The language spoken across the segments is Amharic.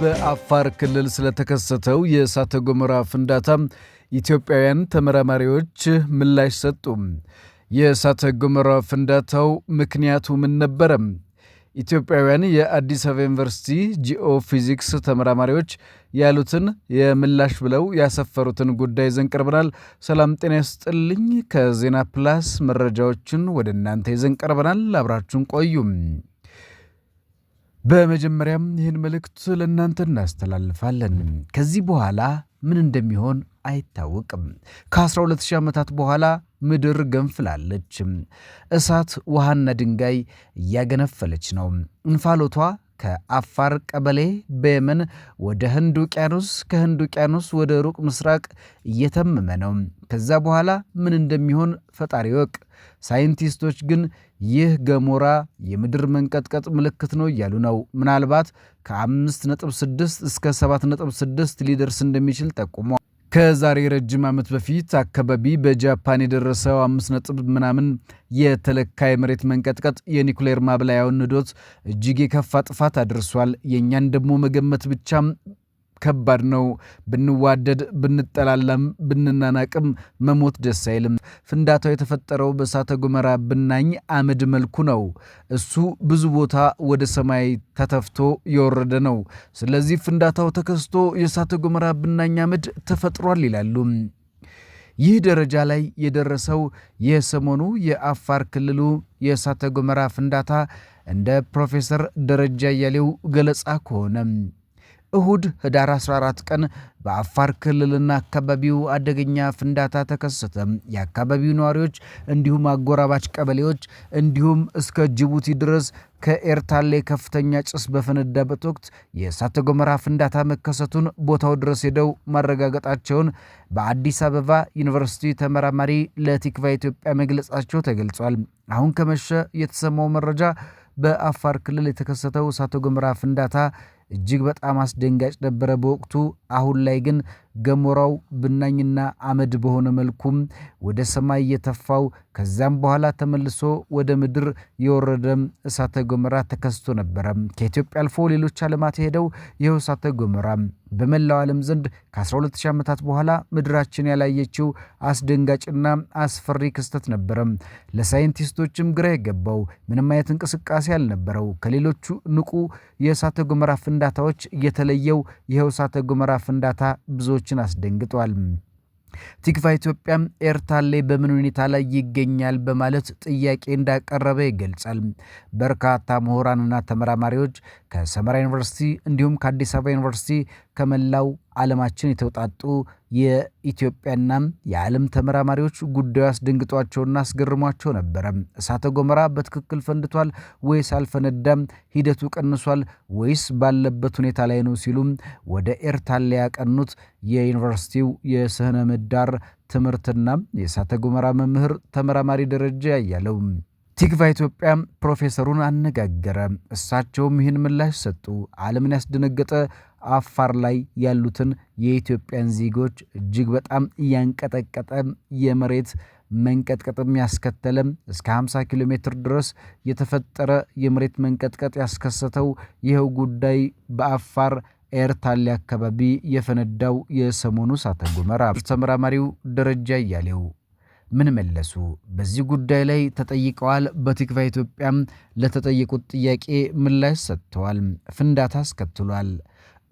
በአፋር ክልል ስለተከሰተው የእሳተ ገሞራ ፍንዳታ ኢትዮጵያውያን ተመራማሪዎች ምላሽ ሰጡ። የእሳተ ገሞራ ፍንዳታው ምክንያቱ ምን ነበረ? ኢትዮጵያውያን የአዲስ አበባ ዩኒቨርሲቲ ጂኦ ፊዚክስ ተመራማሪዎች ያሉትን የምላሽ ብለው ያሰፈሩትን ጉዳይ ይዘን ቀርበናል። ሰላም ጤና ይስጥልኝ። ከዜና ፕላስ መረጃዎችን ወደ እናንተ ይዘን ቀርበናል። አብራችሁን ቆዩም። በመጀመሪያም ይህን መልእክት ለእናንተ እናስተላልፋለን። ከዚህ በኋላ ምን እንደሚሆን አይታወቅም። ከ12000 ዓመታት በኋላ ምድር ገንፍላለች። እሳት ውሃና ድንጋይ እያገነፈለች ነው። እንፋሎቷ ከአፋር ቀበሌ በየመን ወደ ህንድ ውቅያኖስ ከህንድ ውቅያኖስ ወደ ሩቅ ምስራቅ እየተመመ ነው። ከዛ በኋላ ምን እንደሚሆን ፈጣሪ ወቅ። ሳይንቲስቶች ግን ይህ ገሞራ የምድር መንቀጥቀጥ ምልክት ነው እያሉ ነው። ምናልባት ከ5.6 እስከ 7.6 ሊደርስ እንደሚችል ጠቁሟል። ከዛሬ ረጅም ዓመት በፊት አካባቢ በጃፓን የደረሰው አምስት ነጥብ ምናምን የተለካ የመሬት መንቀጥቀጥ የኒኩሌር ማብላያውን ንዶት እጅግ የከፋ ጥፋት አድርሷል። የእኛን ደግሞ መገመት ብቻም ከባድ ነው። ብንዋደድ ብንጠላላም ብንናናቅም መሞት ደስ አይልም። ፍንዳታው የተፈጠረው በእሳተ ገሞራ ብናኝ አመድ መልኩ ነው። እሱ ብዙ ቦታ ወደ ሰማይ ተተፍቶ የወረደ ነው። ስለዚህ ፍንዳታው ተከስቶ የእሳተ ገሞራ ብናኝ አመድ ተፈጥሯል ይላሉ። ይህ ደረጃ ላይ የደረሰው የሰሞኑ የአፋር ክልሉ የእሳተ ገሞራ ፍንዳታ እንደ ፕሮፌሰር ደረጃ እያሌው ገለጻ ከሆነ እሁድ ህዳር 14 ቀን በአፋር ክልልና አካባቢው አደገኛ ፍንዳታ ተከሰተ። የአካባቢው ነዋሪዎች እንዲሁም አጎራባች ቀበሌዎች እንዲሁም እስከ ጅቡቲ ድረስ ከኤርታሌ ከፍተኛ ጭስ በፈነዳበት ወቅት የእሳተ ገሞራ ፍንዳታ መከሰቱን ቦታው ድረስ ሄደው ማረጋገጣቸውን በአዲስ አበባ ዩኒቨርሲቲ ተመራማሪ ለቲክቫ ኢትዮጵያ መግለጻቸው ተገልጿል። አሁን ከመሸ የተሰማው መረጃ በአፋር ክልል የተከሰተው እሳተ ገሞራ ፍንዳታ እጅግ በጣም አስደንጋጭ ነበረ በወቅቱ። አሁን ላይ ግን ገሞራው ብናኝና አመድ በሆነ መልኩም ወደ ሰማይ የተፋው ከዚያም በኋላ ተመልሶ ወደ ምድር የወረደም እሳተ ገሞራ ተከስቶ ነበረ። ከኢትዮጵያ አልፎ ሌሎች ዓለማት የሄደው ይኸው እሳተ ገሞራ በመላው ዓለም ዘንድ ከ12000 ዓመታት በኋላ ምድራችን ያላየችው አስደንጋጭና አስፈሪ ክስተት ነበረ። ለሳይንቲስቶችም ግራ የገባው ምንም አይነት እንቅስቃሴ አልነበረው። ከሌሎቹ ንቁ የእሳተ ገሞራ ፍንዳታዎች እየተለየው ይኸው እሳተ ገሞራ ፍንዳታ ብዙዎች ብዙዎችን አስደንግጧል። ቲክቫ ኢትዮጵያ ኤርታሌ በምን ሁኔታ ላይ ይገኛል በማለት ጥያቄ እንዳቀረበ ይገልጻል። በርካታ ምሁራንና ተመራማሪዎች ከሰመራ ዩኒቨርሲቲ እንዲሁም ከአዲስ አበባ ዩኒቨርሲቲ ከመላው ዓለማችን የተውጣጡ የኢትዮጵያና የዓለም ተመራማሪዎች ጉዳዩ አስደንግጧቸውና አስገርሟቸው ነበረ። እሳተ ገሞራ በትክክል ፈንድቷል ወይስ አልፈነዳም? ሂደቱ ቀንሷል ወይስ ባለበት ሁኔታ ላይ ነው? ሲሉም ወደ ኤርታሌ ያቀኑት የዩኒቨርሲቲው የስነ ምህዳር ትምህርትና የእሳተ ገሞራ መምህር ተመራማሪ ደረጃ ያያለው ቲግቫ ኢትዮጵያ ፕሮፌሰሩን አነጋገረ። እሳቸውም ይህን ምላሽ ሰጡ። ዓለምን ያስደነገጠ አፋር ላይ ያሉትን የኢትዮጵያን ዜጎች እጅግ በጣም እያንቀጠቀጠ የመሬት መንቀጥቀጥም ያስከተለም እስከ 50 ኪሎ ሜትር ድረስ የተፈጠረ የመሬት መንቀጥቀጥ ያስከሰተው ይኸው ጉዳይ በአፋር ኤርታሌ አካባቢ የፈነዳው የሰሞኑ እሳተ ጎመራ ተመራማሪው ደረጃ እያሌው ምን መለሱ? በዚህ ጉዳይ ላይ ተጠይቀዋል። በቲክቫ ኢትዮጵያም ለተጠየቁት ጥያቄ ምላሽ ሰጥተዋል። ፍንዳታ አስከትሏል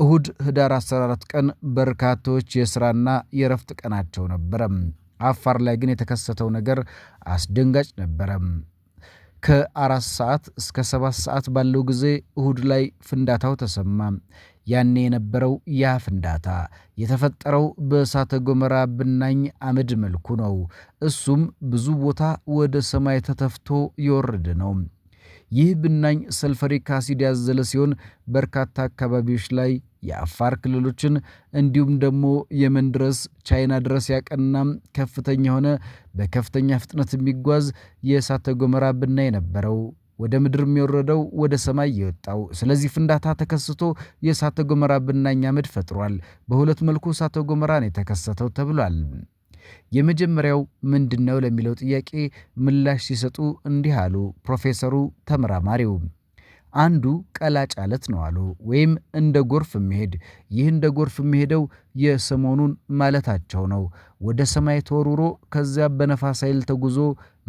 እሁድ ህዳር 14 ቀን በርካቶች የሥራና የእረፍት ቀናቸው ነበረ። አፋር ላይ ግን የተከሰተው ነገር አስደንጋጭ ነበረ። ከአራት ሰዓት እስከ ሰባት ሰዓት ባለው ጊዜ እሁድ ላይ ፍንዳታው ተሰማ። ያኔ የነበረው ያ ፍንዳታ የተፈጠረው በእሳተ ገሞራ ብናኝ አመድ መልኩ ነው። እሱም ብዙ ቦታ ወደ ሰማይ ተተፍቶ የወረደ ነው። ይህ ብናኝ ሰልፈሪክ አሲድ ያዘለ ሲሆን በርካታ አካባቢዎች ላይ የአፋር ክልሎችን እንዲሁም ደግሞ የመን ድረስ ቻይና ድረስ ያቀና ከፍተኛ የሆነ በከፍተኛ ፍጥነት የሚጓዝ የእሳተ ገሞራ ብናይ ነበረው። ወደ ምድር የሚወረደው ወደ ሰማይ የወጣው። ስለዚህ ፍንዳታ ተከስቶ የእሳተ ገሞራ ብናኝ አመድ ፈጥሯል። በሁለት መልኩ እሳተ ገሞራ ነው የተከሰተው ተብሏል። የመጀመሪያው ምንድነው ለሚለው ጥያቄ ምላሽ ሲሰጡ እንዲህ አሉ ፕሮፌሰሩ ተመራማሪው። አንዱ ቀላጭ አለት ነው አሉ ወይም እንደ ጎርፍ የሚሄድ ይህ እንደ ጎርፍ የሚሄደው የሰሞኑን ማለታቸው ነው። ወደ ሰማይ ተወርውሮ ከዚያ በነፋስ ኃይል ተጉዞ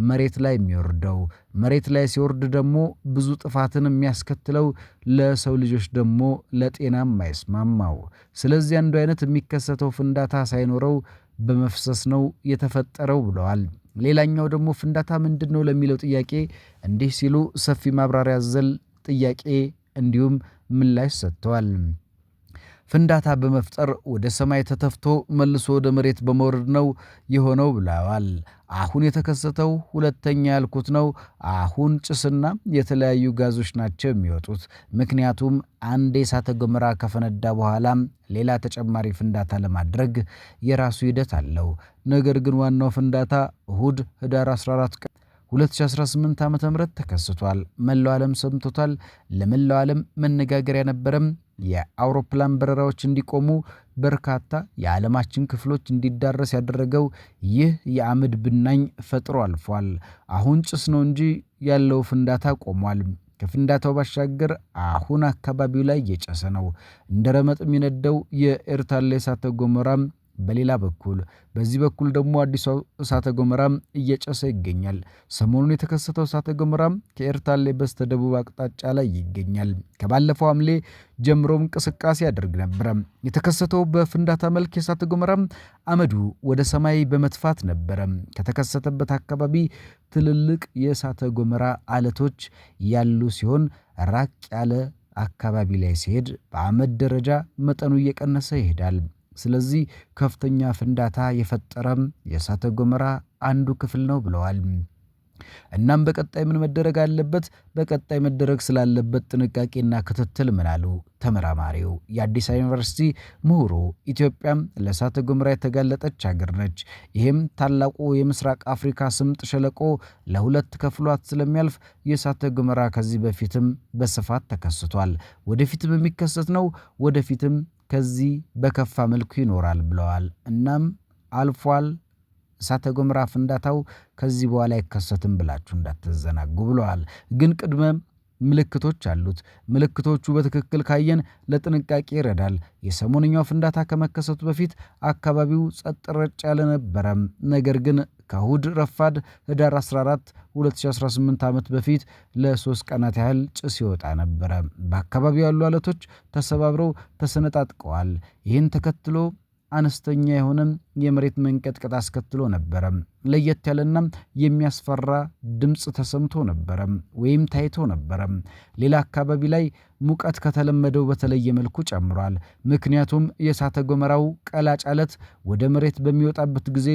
መሬት ላይ የሚወርደው መሬት ላይ ሲወርድ ደግሞ ብዙ ጥፋትን የሚያስከትለው ለሰው ልጆች ደግሞ ለጤናም አይስማማው። ስለዚህ አንዱ አይነት የሚከሰተው ፍንዳታ ሳይኖረው በመፍሰስ ነው የተፈጠረው ብለዋል። ሌላኛው ደግሞ ፍንዳታ ምንድን ነው ለሚለው ጥያቄ እንዲህ ሲሉ ሰፊ ማብራሪያ ዘል ጥያቄ እንዲሁም ምላሽ ሰጥተዋል። ፍንዳታ በመፍጠር ወደ ሰማይ ተተፍቶ መልሶ ወደ መሬት በመውረድ ነው የሆነው ብለዋል። አሁን የተከሰተው ሁለተኛ ያልኩት ነው። አሁን ጭስና የተለያዩ ጋዞች ናቸው የሚወጡት። ምክንያቱም አንድ የእሳተ ገሞራ ከፈነዳ በኋላ ሌላ ተጨማሪ ፍንዳታ ለማድረግ የራሱ ሂደት አለው። ነገር ግን ዋናው ፍንዳታ እሁድ ህዳር 14 ቀን 2018 ዓ ም ተከስቷል። መላው ዓለም ሰምቶታል። ለመላው ዓለም መነጋገሪያ ነበረም። የአውሮፕላን በረራዎች እንዲቆሙ በርካታ የዓለማችን ክፍሎች እንዲዳረስ ያደረገው ይህ የአመድ ብናኝ ፈጥሮ አልፏል። አሁን ጭስ ነው እንጂ ያለው ፍንዳታ ቆሟል። ከፍንዳታው ባሻገር አሁን አካባቢው ላይ እየጨሰ ነው። እንደ ረመጥ የሚነደው የኤርታሌ እሳተ ገሞራም በሌላ በኩል በዚህ በኩል ደግሞ አዲሱ እሳተ ገሞራም እየጨሰ ይገኛል። ሰሞኑን የተከሰተው እሳተ ገሞራም ከኤርታሌ በስተደቡብ አቅጣጫ ላይ ይገኛል። ከባለፈው ሐምሌ ጀምሮ እንቅስቃሴ ያደርግ ነበረ። የተከሰተው በፍንዳታ መልክ የእሳተ ገሞራም አመዱ ወደ ሰማይ በመትፋት ነበረ። ከተከሰተበት አካባቢ ትልልቅ የእሳተ ገሞራ አለቶች ያሉ ሲሆን ራቅ ያለ አካባቢ ላይ ሲሄድ በአመድ ደረጃ መጠኑ እየቀነሰ ይሄዳል። ስለዚህ ከፍተኛ ፍንዳታ የፈጠረም የእሳተ ገሞራ አንዱ ክፍል ነው ብለዋል። እናም በቀጣይ ምን መደረግ አለበት? በቀጣይ መደረግ ስላለበት ጥንቃቄና ክትትል ምን አሉ ተመራማሪው? የአዲስ አበባ ዩኒቨርሲቲ ምሁሩ ኢትዮጵያም ለእሳተ ገሞራ የተጋለጠች ሀገር ነች፣ ይህም ታላቁ የምስራቅ አፍሪካ ስምጥ ሸለቆ ለሁለት ከፍሏት ስለሚያልፍ የእሳተ ገሞራ ከዚህ በፊትም በስፋት ተከስቷል፣ ወደፊትም የሚከሰት ነው፣ ወደፊትም ከዚህ በከፋ መልኩ ይኖራል ብለዋል። እናም አልፏል እሳተ ገሞራ ፍንዳታው ከዚህ በኋላ አይከሰትም ብላችሁ እንዳትዘናጉ ብለዋል። ግን ቅድመም ምልክቶች አሉት። ምልክቶቹ በትክክል ካየን ለጥንቃቄ ይረዳል። የሰሞንኛው ፍንዳታ ከመከሰቱ በፊት አካባቢው ጸጥ ረጭ ያለ ነበረ ነገር ግን ከእሁድ ረፋድ ህዳር 14 2018 ዓመት በፊት ለሶስት ቀናት ያህል ጭስ ይወጣ ነበረ። በአካባቢው ያሉ አለቶች ተሰባብረው ተሰነጣጥቀዋል። ይህን ተከትሎ አነስተኛ የሆነም የመሬት መንቀጥቀጥ አስከትሎ ነበረ። ለየት ያለና የሚያስፈራ ድምፅ ተሰምቶ ነበረ ወይም ታይቶ ነበረ። ሌላ አካባቢ ላይ ሙቀት ከተለመደው በተለየ መልኩ ጨምሯል። ምክንያቱም የእሳተ ገሞራው ቀላጭ አለት ወደ መሬት በሚወጣበት ጊዜ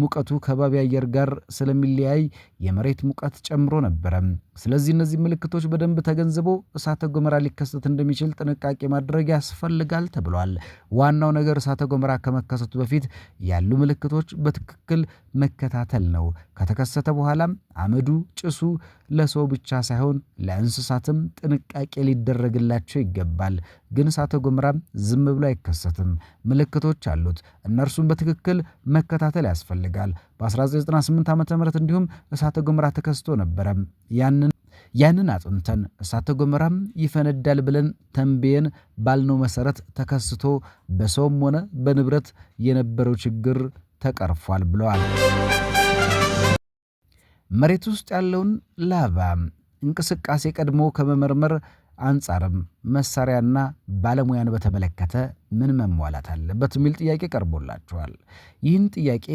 ሙቀቱ ከባቢ አየር ጋር ስለሚለያይ የመሬት ሙቀት ጨምሮ ነበረ። ስለዚህ እነዚህ ምልክቶች በደንብ ተገንዝቦ እሳተ ጎመራ ሊከሰት እንደሚችል ጥንቃቄ ማድረግ ያስፈልጋል ተብሏል። ዋናው ነገር እሳተ ጎመራ ከመከሰቱ በፊት ያሉ ምልክቶች በትክክል መከታተል ነው። ከተከሰተ በኋላም አመዱ፣ ጭሱ ለሰው ብቻ ሳይሆን ለእንስሳትም ጥንቃቄ ሊደረግ ሊደረግላቸው ይገባል። ግን እሳተ ገሞራም ዝም ብሎ አይከሰትም። ምልክቶች አሉት። እነርሱን በትክክል መከታተል ያስፈልጋል። በ1998 ዓ ም እንዲሁም እሳተ ገሞራ ተከስቶ ነበረ። ያንን ያንን አጥንተን እሳተ ገሞራም ይፈነዳል ብለን ተንብየን ባልነው መሰረት ተከስቶ በሰውም ሆነ በንብረት የነበረው ችግር ተቀርፏል ብለዋል። መሬት ውስጥ ያለውን ላቫ እንቅስቃሴ ቀድሞ ከመመርመር አንጻርም መሳሪያና ባለሙያን በተመለከተ ምን መሟላት አለበት የሚል ጥያቄ ቀርቦላቸዋል። ይህን ጥያቄ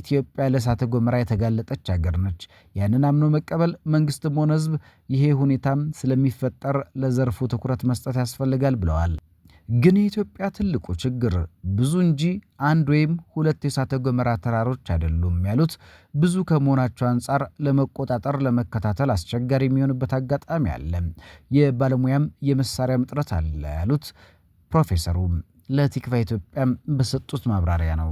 ኢትዮጵያ ለእሳተ ገሞራ የተጋለጠች ሀገር ነች። ያንን አምኖ መቀበል መንግስትም ሆነ ህዝብ፣ ይሄ ሁኔታም ስለሚፈጠር ለዘርፉ ትኩረት መስጠት ያስፈልጋል ብለዋል። ግን የኢትዮጵያ ትልቁ ችግር ብዙ እንጂ አንድ ወይም ሁለት የእሳተ ገሞራ ተራሮች አይደሉም ያሉት ብዙ ከመሆናቸው አንጻር ለመቆጣጠር ለመከታተል አስቸጋሪ የሚሆንበት አጋጣሚ አለ፣ የባለሙያም የመሳሪያም እጥረት አለ ያሉት ፕሮፌሰሩ ለቲክቫ ኢትዮጵያም በሰጡት ማብራሪያ ነው።